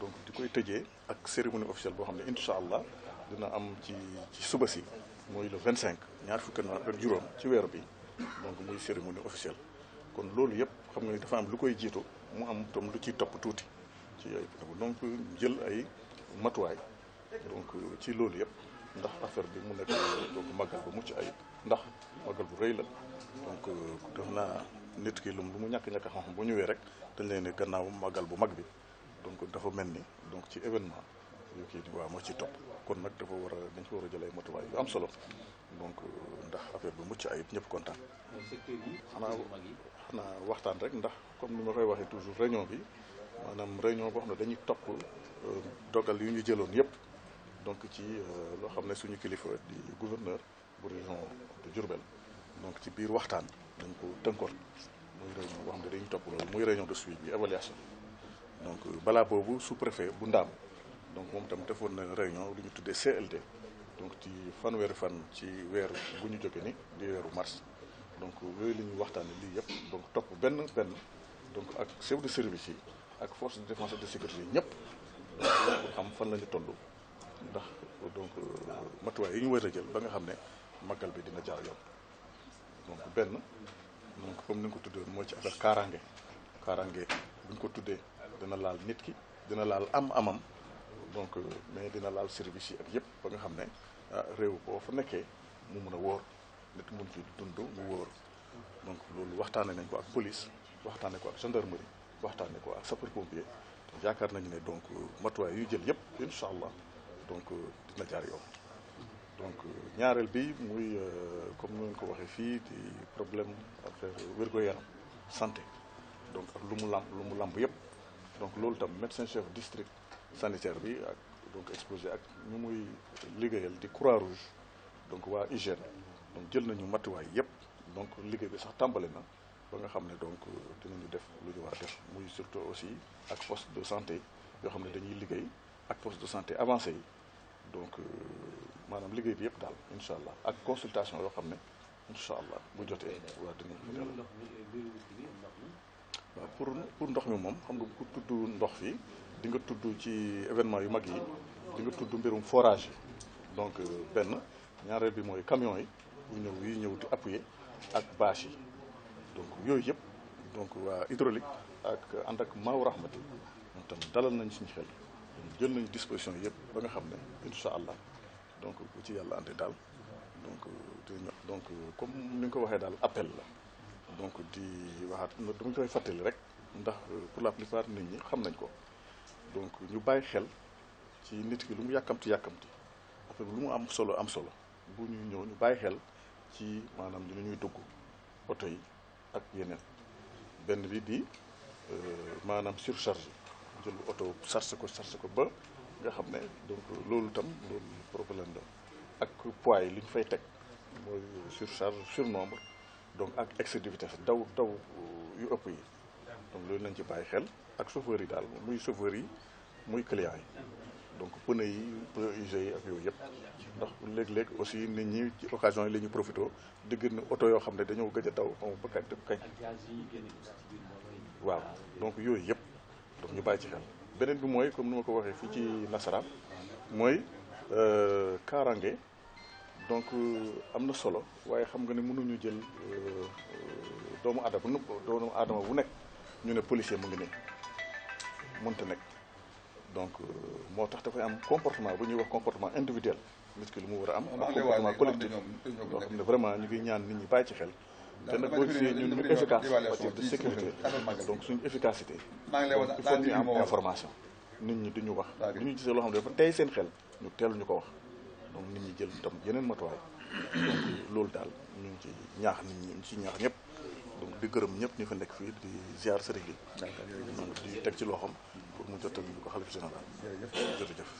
donc di koy tëjee ak cérémonie officielle boo xam ne incha allah dina am ci ci suba si mooy le 25 ñaar fukki na juróom ci weer bi donc muy cérémonie officielle kon loolu yëpp xam nga ni dafa am lu koy jiitu mu am tam lu ciy topp tuuti ci yooyu donc jël ay matuwaay donc ci loolu yëpp ndax affaire bi mu nekk donc màggal bu mucc ay ndax màggal bu rëy la donc def naa nit ki lu mu ñàkk-ñàkk xam-xam bu ñëwee rek dañ leen ne gannaaw màggal bu mag bi donc dafa mel ni donc ci événement yu kii waa moo ci topp kon nag dafa war a dañ ko war a jël ay matuwaay yu am solo donc euh, ndax affaire bu mucc ayib ñëpp kontaan. xanaa xanaa waxtaan rek ndax comme ni ma koy waxee toujours réunion bi maanaam réunion boo xam ne dañuy topp euh, dogal yu ñu jëloon yëpp donc ci euh, loo xam ne suñu kilifa di gouverneur bu région de Diourbel donc ci biir waxtaan dañ ko tënkoon muy réunion boo xam ne dañuy topp loolu muy réunion de suivi bi évaluation. donc euh, balaa boobu sous-préfet bu Ndaam donc mom tam defoon na réunion lu ñu tuddee CLD donc ci fanweeri fan ci wér bu ñu jógee ni di weeru mars donc yooyu la ñuy waxtaanee lii yëpp donc top ben ben donc ak chef de service ak force de défense et de sécurité yi ñëpp pour xam fan la ñu toll ndax donc euh, matuwa yi ñu war jël ba nga xamné ne bi dina jaar yoon donc ben donc comme ni ko tuddee mo ci affaire kaaraange kaaraange bu ñu ko tuddee. dina laal nit ki dina laal am-amam donc euh, mais dina laal service yi ak yëpp ba nga xam ne ah, réew boo fa nekkee mu mun a woor nit mun fi dund mu wóor donc loolu waxtaane nañ ko ak police waxtaane ko ak gendarmerie waxtaane ko ak sapeur pompier yaakaar nañu ne donc euh, matuwaay yu jël yëpp incha allah donc euh, dina jaar yoon donc ñaareel bi muy comme ni ngeen ko waxee fii di problème affaire wér-gu-yaram santé donc ak lu mu làmb lu mu làmb yëpp donc lool tam médecin chef district sanitaire bi ak donc exposé ak ñu muy liggéeyal di croix rouge donc wa hygiène donc jël nañu matuwaay yépp donc liggéey bi sax tambalé na ba nga xamné donc euh, dinañu def lu ñu war def muy surtout aussi ak poste de santé yo xamné dañuy liggéey ak poste de santé avancé yi donc euh, manam liggéey bi yépp dal inshallah ak consultation yoo xamné inshallah incha allah bu jotee waa dinañ waaw pour pour ndox mi moom xam nga ko tudd ndox fi di nga tudd ci événement yu mag yi di nga tudd mbirum forage yi donc euh, benn ñaareel bi mooy camion yi bu ñëw yuy ñëw di appuyer ak bâche yi donc yooyu yëpp donc waa hydraulique ak ànd ak maaw rahmati moom tam dalal nañ suñu xel jël nañ disposition yëpp ba nga xam ne incha allah donc bu ci yàlla ante daal donc euh, donc euh, comme ni nga ko waxee daal appel la donc di waxaat ma dama koy fàttali rek ndax pour la plupart nit ñi xam nañ ko donc ñu bàyyi xel ci nit ki lu mu yàkkamti yàkkamti après lu mu am solo am solo bu ñu ñëw ñu bàyyi xel ci maanaam ñu ñuy dugg oto yi ak yeneen benn bi di euh, maanaam surcharge jël oto charge ko charge ko ba nga xam ne donc loolu tam loolu problème ak poids yi li ñu fay teg mooy surcharge surnombre donc ak excès de vitesse daw daw yu ëpp yi donc loolu nañ ci bàyyi xel ak chauffeur yi daal muy chauffeur yi muy client yi donc pneu yi pneu usé yi ak yooyu yëpp ndax léeg-léeg aussi nit ñi ci occasion yi la ñu profité di gën oto yoo xam ne dañoo gëj a daw xam ba kañ dëpp kañ waaw donc yooyu yëpp donc ñu bàyyi ci xel beneen bi mooy comme ni ma ko waxee fii ci nasaraan mooy euh, kaarange donc euh, am na solo waaye xam nga ne mënuñu jël euh, doomu aadama doomu aadama bu nekk ñu ne policier mu ngi nii mënta nekk donc euh, moo tax dafay am comportement bu ñuy wax comportement individuel nit ki lu mu war a am comportement collectif loo xam ne vraiment ñu ngi ñaan nit ñi bàyyi ci xel te nag boo gisee ñun ñu efficace en matière sécurité donc suñu efficacité il faut ñu am information nit ñi duñu wax lu ñu gisee loo xam ne dafa tey seen xel ñu teelu ñu ko wax donc nit ñi jël tam yeneen matuwaay loolu daal ñu ngi ci ñaax nit ci ñaax ñëpp di gërëm ñëpp ñu fa nekk fii di ziar sëriñ bi di teg ci loxoom pour mu jottali ñu ko xalifa général jërëjëf